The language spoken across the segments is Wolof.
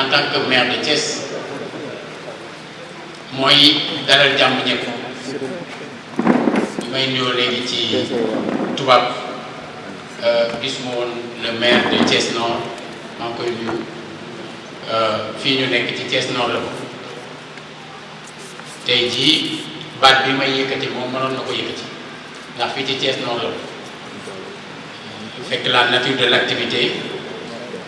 en tant que maire de Thiès mooy dalal jàmm ñëpp li may nuyoo léegi ci tubaab euh, gis ma woon maire de Thiès Nord maa koy nuyu euh, fii ñu nekk ci Thiès Nord la ko tey jii baat bi may yëkkati moom mënoon na ko yëkkati ndax fii ci Thiès Nord la ko fekk la nature de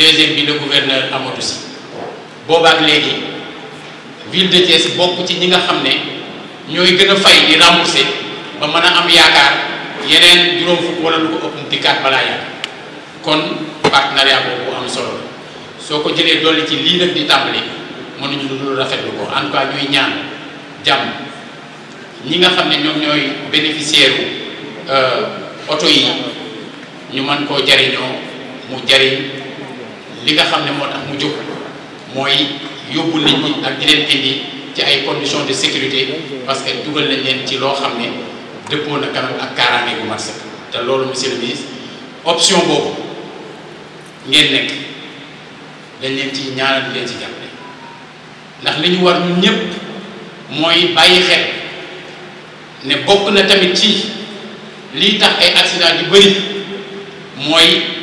deuxième bi le gouverneur Amadou Sy boobaak léegi ville de Thiès bokk ci ñi nga xam ne ñooy gën a fay di rembourser ba mën a am yaakaar yeneen juróom fukk wala lu ko ëpp dikkaat balaa yàgg kon partenariat boobu am solo soo ko jëlee dolli ci lii nag di tàmbali mënuñu lu dul rafetlu ko en tout cas ñuy ñaan jàmm ñi nga xam ne ñoom ñooy bénéficiaire u euh, oto yi ñu mën koo jariñoo mu jariñ li nga xam ne moo tax mu jóg mooy yóbbu nit ñi ak di leen indi ci ay conditions de sécurité parce que dugal nañ leen ci loo xam ne dëppoo na kanam ak kaaraange bu mat te loolu mu le ministre option boobu ngeen nekk dañ leen ci ñaanal leen ci jàppale ndax li ñu war ñun ñëpp mooy bàyyi xel ne bokk na tamit ci lii tax ay accident yu bëri mooy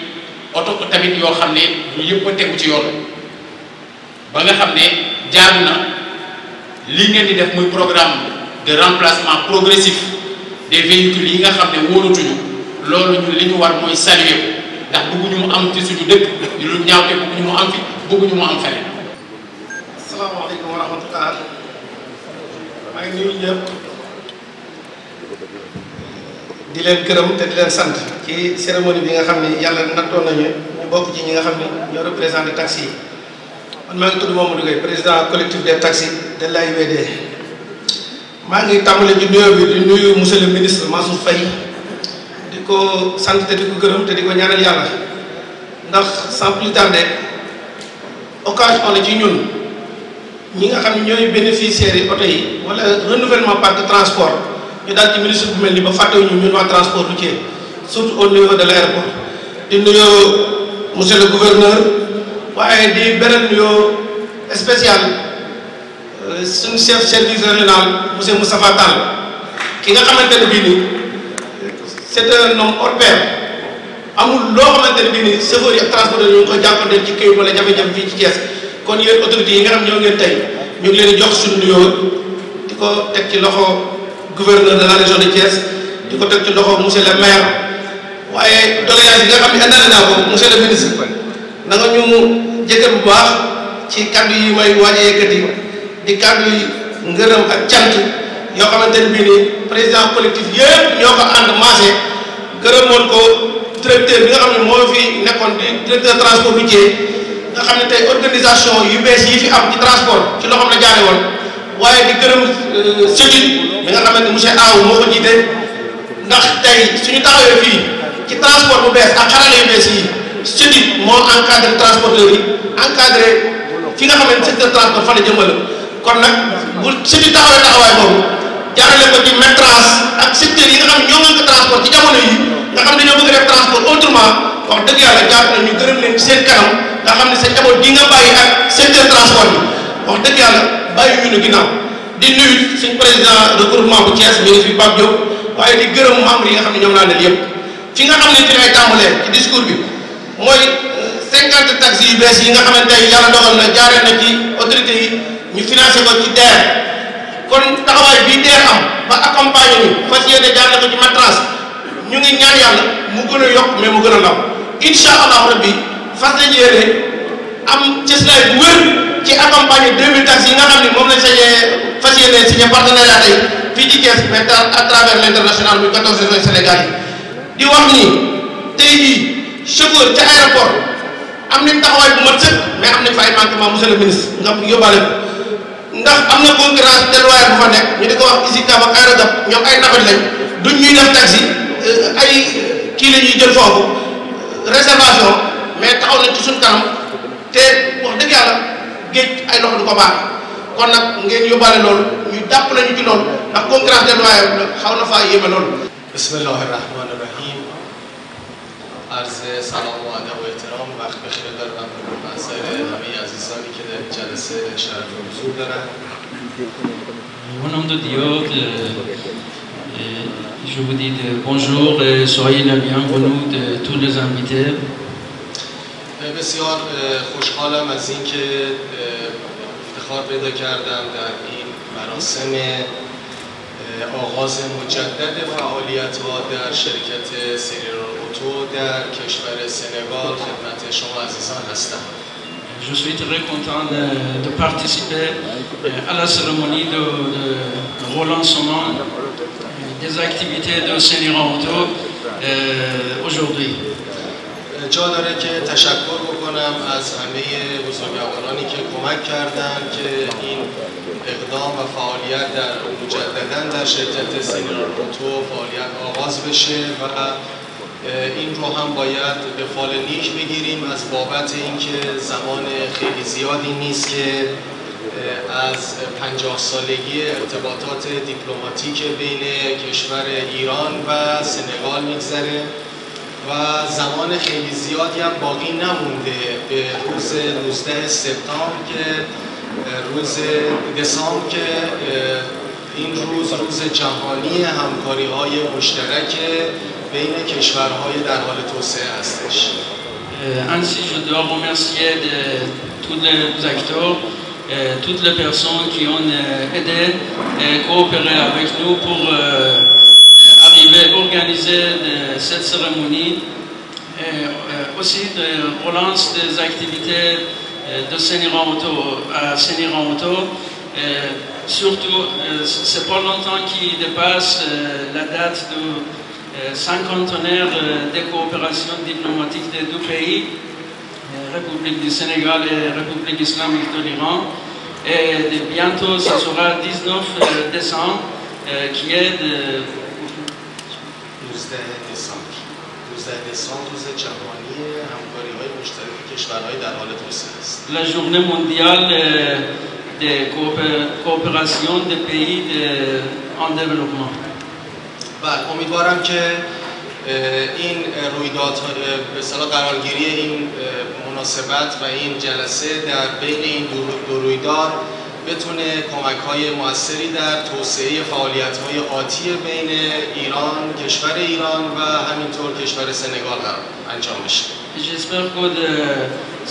oto tamit yoo xam ne ñu yëpp a tegu ci yoon ba nga xam ne jaadu na li ngeen di def muy programme de remplacement progressif des véhicules yi nga xam ne wóolatuñu loolu ñun li ñu war mooy saluer ndax bëgguñu mu am ci suñu dëkk lu ñaaw te bëgguñu mu am fi bëgguñu mu am feneen. asalaamaaleykum wa rahmatulah maa ngi nuyu ñëpp. di len gërëm te di len sant ci cérémonie bi nga xamni yalla natto nañu ñu bokk ci ñi nga xamni ñoo représenter taxi yi man maa ngi tudd Mamadou Gueye président collectif des taxis de UED ma ngi tàmbale ci nuyoo bi di nuyu monsieur le ministre Mansour Faye di ko sant te di ko gërëm te di ko ñaanal yalla ndax sans plus tarder occasion la ci ñun ñi nga xamni ñoy bénéficiaires yi yi wala renouvellement parc de transport ñu dal ci ministre bu mel ni ba fàttewuñu ñun waa transport routier surtout au niveau de l' aéroport di nuyoo monsieur le gouverneur waaye di beneen nuyoo spécial euh, suñu chef service régional monsieur Moustapha Tall ki nga xamante ne bii nii c' est un homme loo xamante ne bii nii chauffeur yi ak transporteurs ñu ci këyit wala jafe-jafe fii ci Thiès kon yéen autorités yi nga xam ñoo ngeen tey ñu ngi leen di jox suñu nuyoo di ko teg ci loxo. gouverneur de la région de Thiès di ko teg ci loxo monsieur le maire waaye doléance yi nga xam ne indale naa ko monsieur le ministre na nga ñu jege bu baax ci kàddu yi may waaj a di kàddu yi ngërëm ak cant yoo xamante ne bii nii président collectif yëpp ñoo ko ànd maase gërëmoon ko directeur bi nga xam ne moo fi nekkoon di directeur transport routier nga xam ne tey organisation yu bees yi fi am ci transport ci loxoom la jaare woon waaye di gërëm euh, sëriñ mi nga xamante monsieur Aw moo ko jiite ndax tey suñu taxawee fii ci transport bu bees ak xarale yu bees yi sëriñ moo encadré transporteurs yi encadré fi nga xamante secteur transport fa la jëmale kon nag bu sëriñ taxawee taxawaay boobu jaarale ko ci maîtrise ak yi nga xam ñoo ngi ko transport ci jamono yi nga xam dañoo bëgg def transport autrement wax dëgg yàlla jàpp na ñu gërëm leen seen kanam nga xam ne sa njaboot gi nga bàyyi ak secteur transport bi bàyyi ñu ne ginnaaw di nuyu suñ président regroupement bu membre yi xam ne ñoom laa leen yëpp fi nga xam ne ci lay tàmbalee ci discours bi mooy euh, cinquante taxes yu bees yi nga xamante ne na jaaree na ci autorité yi ñu financé ko ci DER kon taxawaay bii DER am ba accompagné ñu fas yéene jaaree ko ci matras ñu ngi ñaan yàlla mu gën yokk mais mu gën a law incha allah rabbi fas am cëslaay bu wér ci accompagner 2000 taxis yi nga xam ni moom lañ sañee fas yéene signé partenariat tey fii ci Thiès mais à travers l' international muy 14 régions Sénégal yi di wax ni tey jii chauffeur ca aéroport am nañ taxawaay bu mat sëkk mais am nañ fa ay manquement monsieur le ministre nga yóbbaale ko ndax am na concurrence déloyale bu fa nekk ñu di ko wax ISICA ak aérodap ñoom ay nabat lañ duñ ñuy def taxi euh, ay kii la ñuy jël foofu réservation mais taxaw nañ ci suñ kanam. té wax dëgg yàlla géej ay loxo du ko baax kon nag ngeen yóbbaale loolu ñu jàpp nañu ci loolu ndax concurrence de doyens la xaw na faa yéeme loolu. bismillahi rahmaani rahim. عرض سلام و ادب و احترام وقت بخیر دارم به مسائل همه عزیزانی که در جلسه شرف حضور دارن Au nom de Dieu, je vous dis de bonjour et soyez les bienvenus de tous les invités. Je suis très content de, participer à la cérémonie de, relancement des activités de Seigneur Auto aujourd'hui. جا داره که تشکر بکنم از همه بزرگوارانی که کمک کردن که این اقدام و فعالیت در مجددن در شرکت سینیران فعالیت آغاز بشه و این رو هم باید به فال نیک بگیریم از بابت اینکه زمان خیلی زیادی نیست که از پنجاه سالگی ارتباطات دیپلماتیک بین کشور ایران و سنگال میگذره و زمان خیلی زیادی هم باقی نمونده به روز 19 سپتامبر که روز دسامبر که این روز روز جهانی همکاری های مشترک بین کشورهای در حال توسعه هستش انسی جدا بومرسی تود زکتر تود پرسان که اون اده کوپره اوک نو پور arriver à cette cérémonie et euh, euh, aussi de relance des activités euh, de Seigneur Auto à Seigneur. Auto. surtout, c'est pas longtemps qu'il dépasse la date du cinquantenaire de coopération diplomatique des deux pays, République du Sénégal et République islamique de l'Iran. Et bientôt, ce sera 19 décembre, qui est de... مشترک کشورهای در حال توسعه است. La journée mondiale de coopération des pays امیدوارم که این رویداد به صلاح قرارگیری این مناسبت و این جلسه در بین این دو رویداد بتونه کمک های موثری در توسعه فعالیت های آتی بین ایران، کشور ایران و همینطور کشور سنگال انجام بشه. J'espère que de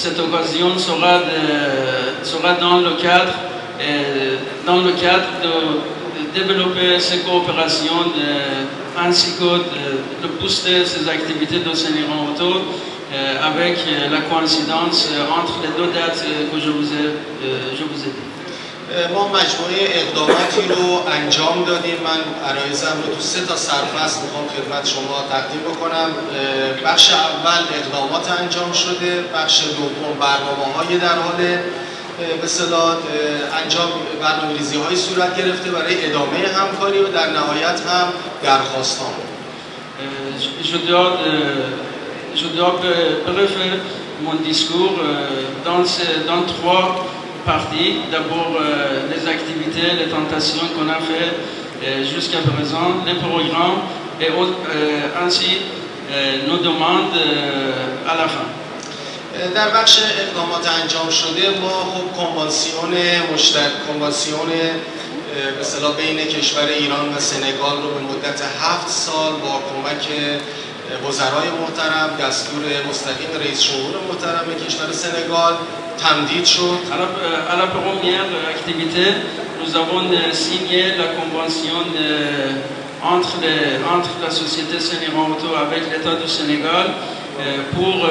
cette occasion sera, de, sera dans le cadre, dans le cadre de, de développer ces coopérations de, ainsi que de, de booster ces activités d'Océan Auto avec la coïncidence entre les deux dates que je vous ai, je vous ai dit. ما مجموعه اقداماتی رو انجام دادیم من عرایزم رو تو سه تا سرفست میخوام خدمت شما تقدیم بکنم بخش اول اقدامات انجام شده بخش دوم برنامه های در حال به انجام برنامه های صورت گرفته برای ادامه همکاری و در نهایت هم درخواستان Je dois brevet mon parties. D'abord, euh, les activités, les tentations qu'on a fait euh, jusqu'à présent, les programmes, et euh, ainsi euh, nos demandes euh, à la fin. در بخش اقدامات انجام شده ما خب کنوانسیون مشترک کنوانسیون به صلاح بین کشور ایران و سنگال رو به مدت هفت سال با کمک وزرای محترم دستور مستقیم رئیس جمهور محترم کشور سنگال Euh, à la, première activité, nous avons euh, signé la convention euh, entre, entre la société Sénégal Auto avec l'État du Sénégal pour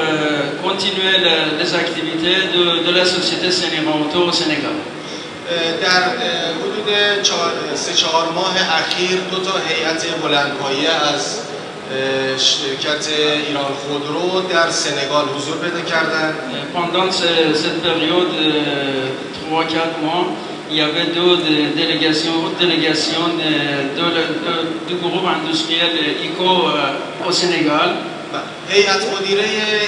continuer les activités de, la société Sénégal Auto au Sénégal. شرکت ایران خودرو در سنگال حضور پیدا کردن پاندان سه پریود تروا کرد ما یا به دو دلگاسیون و دلگاسیون دو گروه اندوستریل ایکو و سنگال هیئت مدیره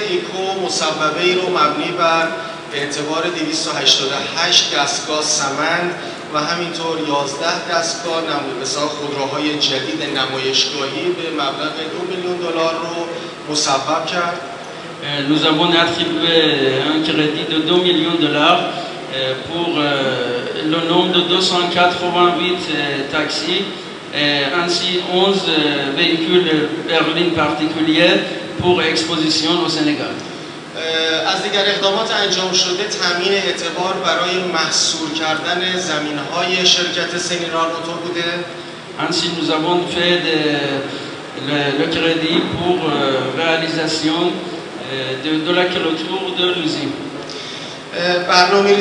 ایکو مصوبه ای رو مبنی بر اعتبار 288 دستگاه سمند و همینطور 11 دستگاه نمودسا خودروهای جدید نمایشگاهی به مبلغ 2 میلیون دلار رو مصوب کرد Nous avons attribué un crédit de 2 millions de dollars pour le nombre de 288 taxis et ainsi 11 véhicules berlines particuliers pour exposition au Sénégal. از دیگر اقدامات انجام شده تامین اعتبار برای محصول کردن زمین های شرکت سنیران بوده Ainsi, nous avons fait de, le, le, crédit pour euh, برنامه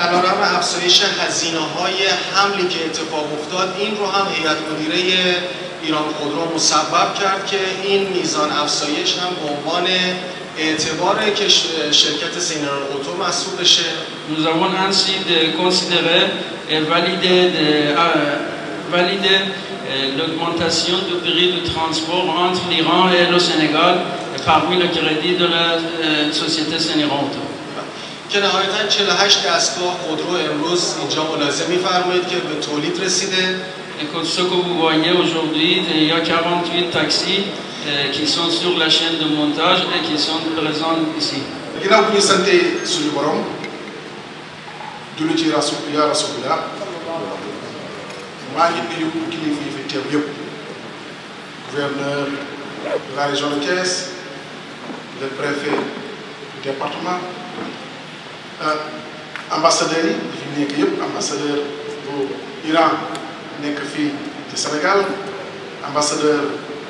علارم افزایش هزینه های حملی که اتفاق افتاد این رو هم هیئت مدیره ایران خودرو مسبب کرد که این میزان افزایش هم به عنوان اعتبار که شرکت سینران اوتو مسئول بشه Nous avons ainsi de considérer et valider, l'augmentation du prix du transport entre l'Iran et le Sénégal parmi le crédit de la société که نهایتا 48 دستگاه امروز اینجا ملاحظه میفرمایید که به تولید رسیده. Et que ce que vous voyez 48 taxis Euh, qui sont sur la chaîne de montage et qui sont présents ici. Je bu ñu santee le borom julli ci rasul yaa je suis ngi nuyu kilifa yi gouverneur de la région de Thiès le préfet du département ambassadeurs ambassadeur, fi nekk yëpp ambassadeur bu Iran nekk fii Sénégal ambassadeur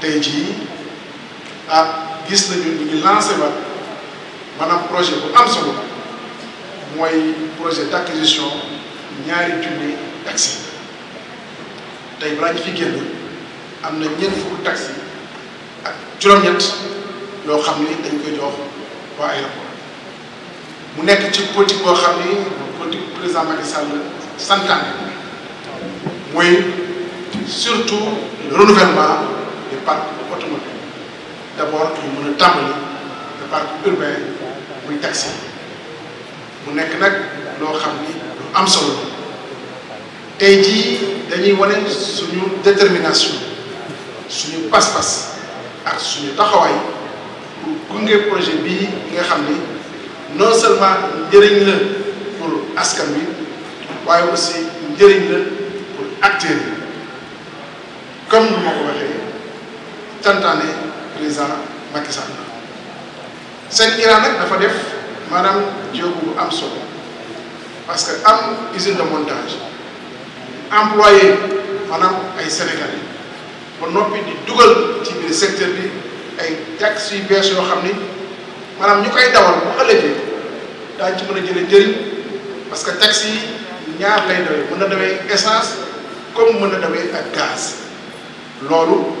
tey jii ah gis nañu ñu ngi lancé waat maanaam projet bu am solo mooy projet d' acquisition ñaari junni taxi tey balaa ñu fi génn am na ñeent fukki taxi ak juróom-ñett yoo xam ni dañ koy jox waa aéroport mu nekk ci politique boo xam ni politique président Macky Sall santaane mooy surtout renouvellement. parc automobile d'abord ñu mën a tàmbali le parc urbain muy taxi mu nekk nag loo xam ni lu am solo tey jii dañuy wane suñu détermination suñu pas-pas ak suñu taxawaay pour gunge projet bii nga xam ni non seulement njëriñ la pour askan bi waaye aussi njëriñ la pour acteurs yi comme nu ma ko waxee. tantaane président Macky Sall seen Iran dafa def maanaam jéego bu am solo parce que am usine de montage employé maanaam ay sénégalais ba noppi di dugal ci biir secteur bi ay taxes yu bees yoo xam ni maanaam ñu koy dawal bu ëllëgee daañu ci mën a jëlee njëriñ parce que taxes yi ñaar lay dawee mën na dawee essence comme mën na dawee ak gaz loolu.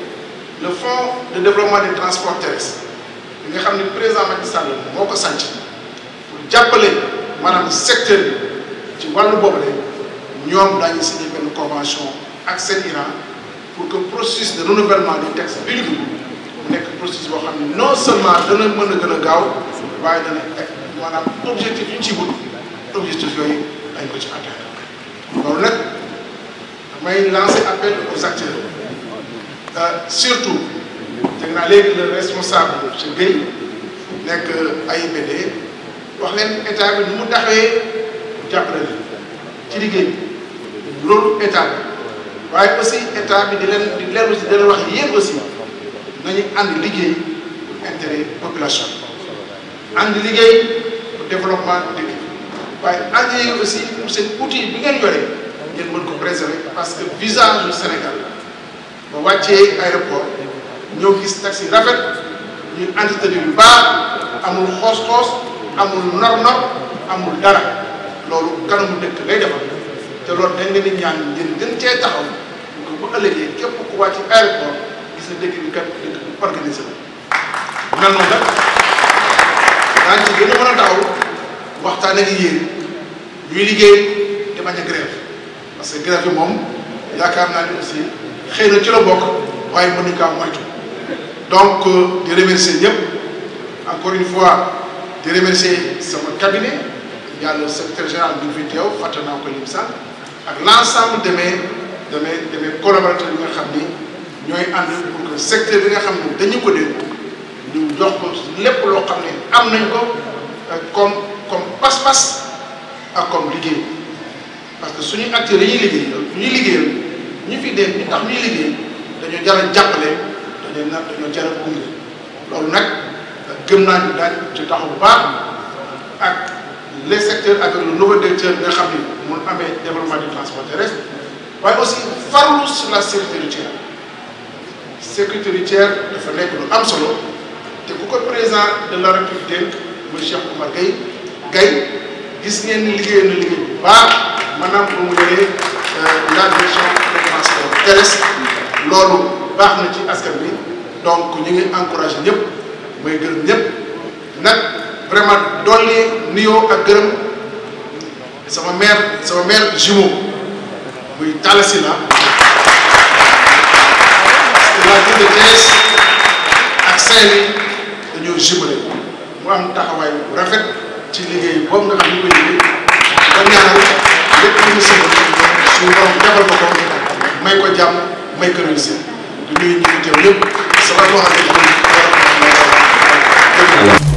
le fonds de développement des transports terrestres est nga à président Macky Sall pour appeler Madame secteur qui ci nous boobu la signé convention ak pour que le processus de renouvellement des textes bi un le processus non seulement de mën a gën a mais un objectif de objectif yooyu lancer appel aux acteurs. Euh, surtout le responsable de ce pays, wax l'État, état bi nous état aussi état bi di de aussi di wax pour aussi population développement de, l'État. aussi pour cet outil bi ngeen ngeen parce que visage du Sénégal ba wacce aéroport ñëw gis taxi rafet ñu entretenu yu ba amul xoos-xoos amul nor-nor amul dara loolu kanamu dekk lay defal te lolu dañ leen ñaan ngeen gën ci taxaw ko bu ëllëgee képp ku wacce aéroport gis na dekk bi kat dëkk bu organisé la mel noonu nag daan ci gën mëna taxaw waxtaan ak yéen ñuy liggéey te bañ grève parce que grève mom yaakaar naa ni aussi xëy ci la bokk waye mën nañu kaa moytu donc euh, di remercier ñep encore une fois di remercier sama cabinet y a le secrétaire général du vidéo fatana ko lim sax ak l'ensemble de mes de mes de mes collaborateurs yi nga xamni ñoy ñooy pour que secteur bi nga xam ne dañu ko dégg ñu jox ko lépp lo xam ne am nañ ko euh, comme comme pas-pas ak comme liggéey parce que suñu acteurs yi ñuy liggéey ñuy ñu fi dee ñi tax ñuy liggéey dañoo jar jàppale dañoo na dañoo jar a gunge loolu nag gëm naa ñu daañ ci taxaw bu baax ak les secteurs avec le nouveau directeur nga xam ni mun amee développement du transport terrestre waaye aussi farlu sur la sécurité routière sécurité routière dafa nekk lu am solo te ku ko président de la République dénk muy Cheikh Oumar Gueye Gueye gis ngeen ni na liggéey bu baax maanaam ba mu jëlee euh, la direction askan PDS loolu baax na ci askan bi donc ñu ngi encouragé ñëpp may gërëm ñëpp nag vraiment dolli nuyoo ak gërëm sama maire sama maire jumeau muy Talasi la parce que la ville de Thiès ak Saint-Louis dañoo jumelé mu am taxawaay bu rafet ci liggéey boobu nga xam ni koy ñaanal lépp lu mu sëbal suñu borom ko ko may ko jàmm may ko réussir di nuyu ñi fi teew